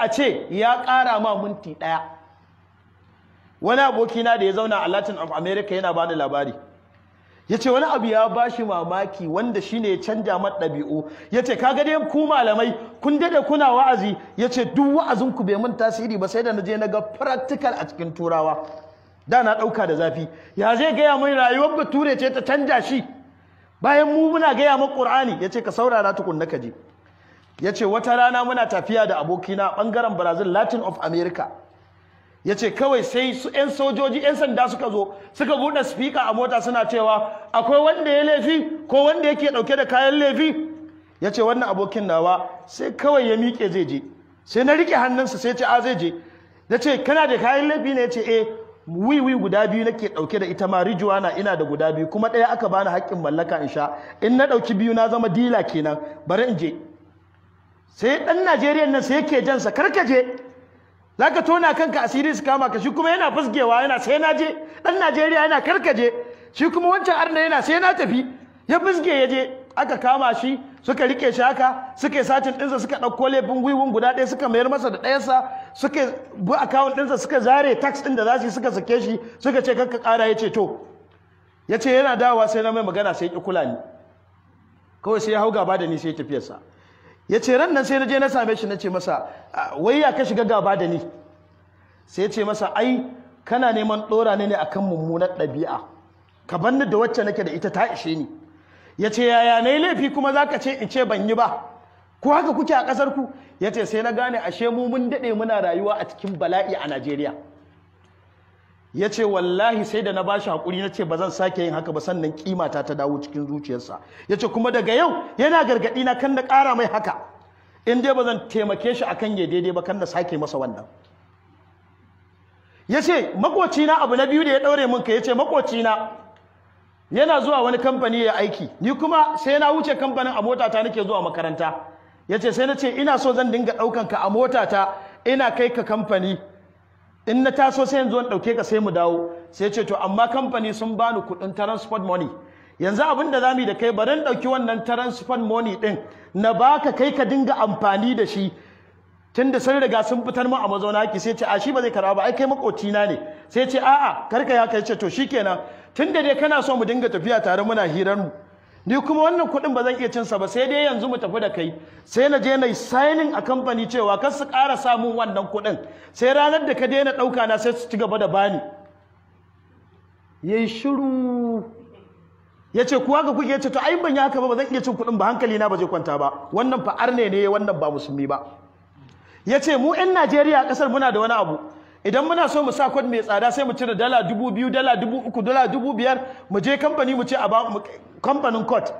a ce ya ƙara ma minti ɗaya wani abokina da ya zauna a latin of america yana bani labari ya ce wani abu ya ba shi mamaki wanda shi ne canja mat ɗabi'u ya ce kaga dai ku malamai kun daɗe kuna wa'azi ya ce duk wa'azinku bai mun tasiri ba sai da na je na ga practical a cikin turawa da na ɗauka da zafi ya zai gaya mai rayuwar bature ce ta canja shi bayan mu muna gaya ma ƙur'ani ya ce ka saurara tukun na ka je ya ce wata rana muna tafiya da abokina bangaren brazil latin of america ya ce kawai sai su 'yan sojoji 'yan sanda suka zo suka buɗe spika a mota suna cewa akwai wanda ya laifi ko wanda yake ɗauke da kayan laifi ya ce wannan abokin nawa sai kawai ya miƙe zai je sai na riƙe hannunsa sai ce a zai je ya ce kana da kayan laifi ne ya ce eh wiwi guda biyu nake ɗauke da ita ma na ina da guda biyu kuma ɗaya aka bani haƙƙin mallaka in sha in na ɗauki biyu na zama dila kenan bari in je sai dan Najeriya nan sai yake jansa karkaje ka tona kanka asiri su kama ka shi kuma yana fusgewa yana sai na je dan Najeriya yana karkaje shi kuma wancan arna yana sai na tafi ya fusge ya je aka kama shi suka rike shi haka suka yi satin ɗinsa suka ɗauko laifin gwiwun guda ɗaya suka mayar masa da ɗayansa suka bi akawun ɗinsa suka zare tax ɗin da za su yi suka sake shi suka ce kanka ƙara ya ce to ya ce yana dawowa sai na mai magana sai ya kula ni kawai sai ya hau gaba da ni sai ya tafiyarsa ya ce ran nan sai na je na same shi na ce masa wai ya ka shiga gaba da ni sai ce masa ai kana neman ɗora ne akan mummunar ɗabi'a ka da wacce nake da ita ta ishe ni ya ce yaya na yi laifi kuma za ka ce in ce ban yi ba ko haka kuke a ƙasar ku ya ce sai na gane ashe mu mun daɗe muna rayuwa a cikin bala'i a najeriya ya ce wallahi sai da na ba shi haƙuri na ce ba zan sake yin haka ba sannan kimata ta dawo cikin zuciyarsa ya ce kuma daga yau yana gargaɗi na kan na ƙara mai haka in dai ba zan taimake shi akan ya daidai ba kan na sake masa wannan ya ce makocina abu na biyu da ya ɗaure min ka ya ce makocina yana zuwa wani kamfani ya aiki ni kuma sai na wuce kamfanin a motata nake zuwa makaranta ya ce sai na ce ina so zan dinga ɗaukan ka a motata ina kai ka kamfani in na taso sai yanzu wani ɗauke ka sai mu dawo sai ce to amma kamfani sun bani kuɗin transport money yanzu abin da zamu yi da kai bari in ɗauki wannan transport money din na baka kai ka dinga amfani da shi tun da sun riga sun fitar mu a mazauna haƙi sai ce a shi ba zai karaba ba ai kai makocina ne sai ce a'a karka ya kai ce to shikenan da dai kana so mu dinga tafiya tare muna hirar mu ni kuma wannan kuɗin ba zan iya cinsa ba sai dai yanzu mu tafi da kai sai na je na yi signing a kamfani cewa kar su ƙara samun wannan kuɗin sai ranar da ka daina ɗauka na sai su ci gaba da bani ya yi shiru ya ce kuwa ga kuke ce to ai ban yi haka ba ba zan iya cin kuɗin ba hankali na ba zai kwanta ba wannan fa'ar ne ne wannan ba musulmi ba ya ce mu 'yan najeriya ƙasar muna da wani abu idan muna so mu sa kod mai tsada sai mu cire dala dubu biyu dala dubu uku dala dubu biyar mu je kamfani mu ce a ba mu kamfanin kod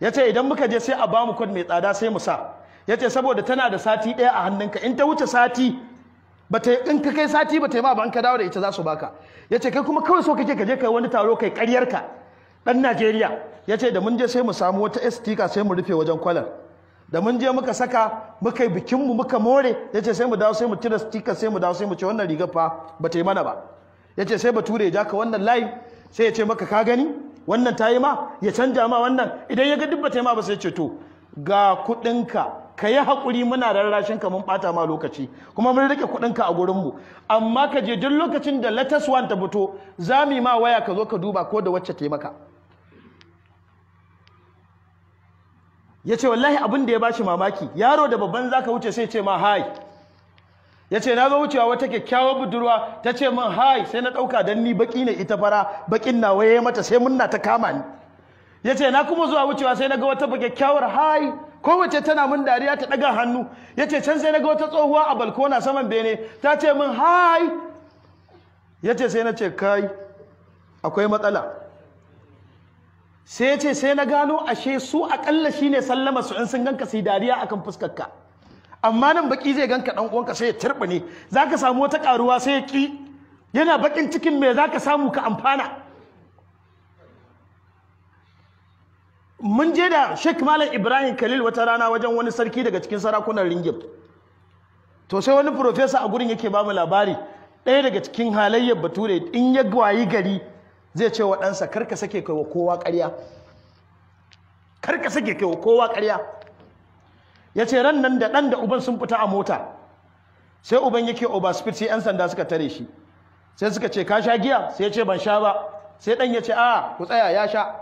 ya ce idan muka je sai a ba mu kod mai tsada sai mu sa ya ce saboda tana da sati ɗaya a hannunka in ta wuce sati bata in ka kai sati ta yi ma ba dawo da ita za su baka ya ce kai kuma kawai so kake ka je kai wani taro kai karyarka Dan Najeriya ya ce da mun je sai mu samu wata estika sai mu rufe wajen kwalar da mun je muka saka muka yi bikinmu muka more yace ce sai mu dawo sai mu cire stika sai mu dawo sai mu ce wannan rigar fa ba ta yi mana ba ya ce sai bature ya ja ka wannan layi sai ya ce maka ka gani wannan ta yi ma ya canja ma wannan idan ya ga duk ba ta yi ma ba sai ce to ga kuɗinka ka yi haƙuri muna rarrashin ka mun ɓata ma lokaci kuma mun rike kuɗinka a gurin mu amma ka je duk lokacin da latest one ta fito za mu yi ma waya ka zo ka duba ko da wacce ta yi maka ya ce wallahi abin da ya bashi mamaki yaro da babban zaka wuce sai ce ma hai ya ce na zo wucewa wata kyakkyawar budurwa ta ce min hai sai na ɗauka don ni baƙi ne ita fara baƙin na waye mata sai munna ta kama ni ya ce na kuma zuwa wucewa sai na ga wata kyakkyawar hai kowace tana min dariya ta ɗaga hannu ya ce can sai na ga wata tsohuwa a balkona saman bene ta ce min hai ya ce sai na ce kai akwai matsala sai ya ce sai na gano ashe su akalla shine sallama su in sun ganka sai dariya akan fuskar ka amma nan baki zai ganka ɗan uwanka sai ya za ka samu wata ƙaruwa sai ya ƙi yana bakin cikin me ka samu ka amfana mun je da Sheikh Malam Ibrahim Khalil wata rana wajen wani sarki daga cikin sarakunan Ringib to sai wani profesa a gurin yake ba mu labari ɗaya daga cikin halayyar Bature in ya gwayi gari zai ce wa ɗansa karka sake kai wa kowa ƙarya karka sake kai wa kowa ƙarya ya ce ran nan da ɗan da uban sun fita a mota sai uban yake overspeed sai 'yan sanda suka tare shi sai suka ce ka sha giya sai ya ce ban sha ba sai ɗan ya ce a ku tsaya ya sha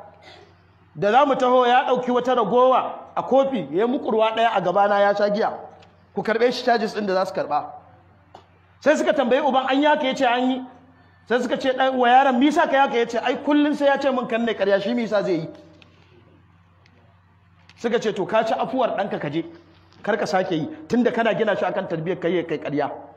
da za mu taho ya ɗauki wata ragowa a kofi ya yi mukurwa ɗaya a gabana ya sha giya ku karɓe shi charges ɗin da za su karɓa sai suka tambayi uban an yaka ya ce an yi sai suka ce ɗan wa yaron misa ka yaka ce ai kullum sai ya ce min kan ne karya shi misa zai yi suka ce to ka ci afuwar ɗanka ka je kar ka sake yi tunda kana gina shi akan tarbiyyar kai kai karya.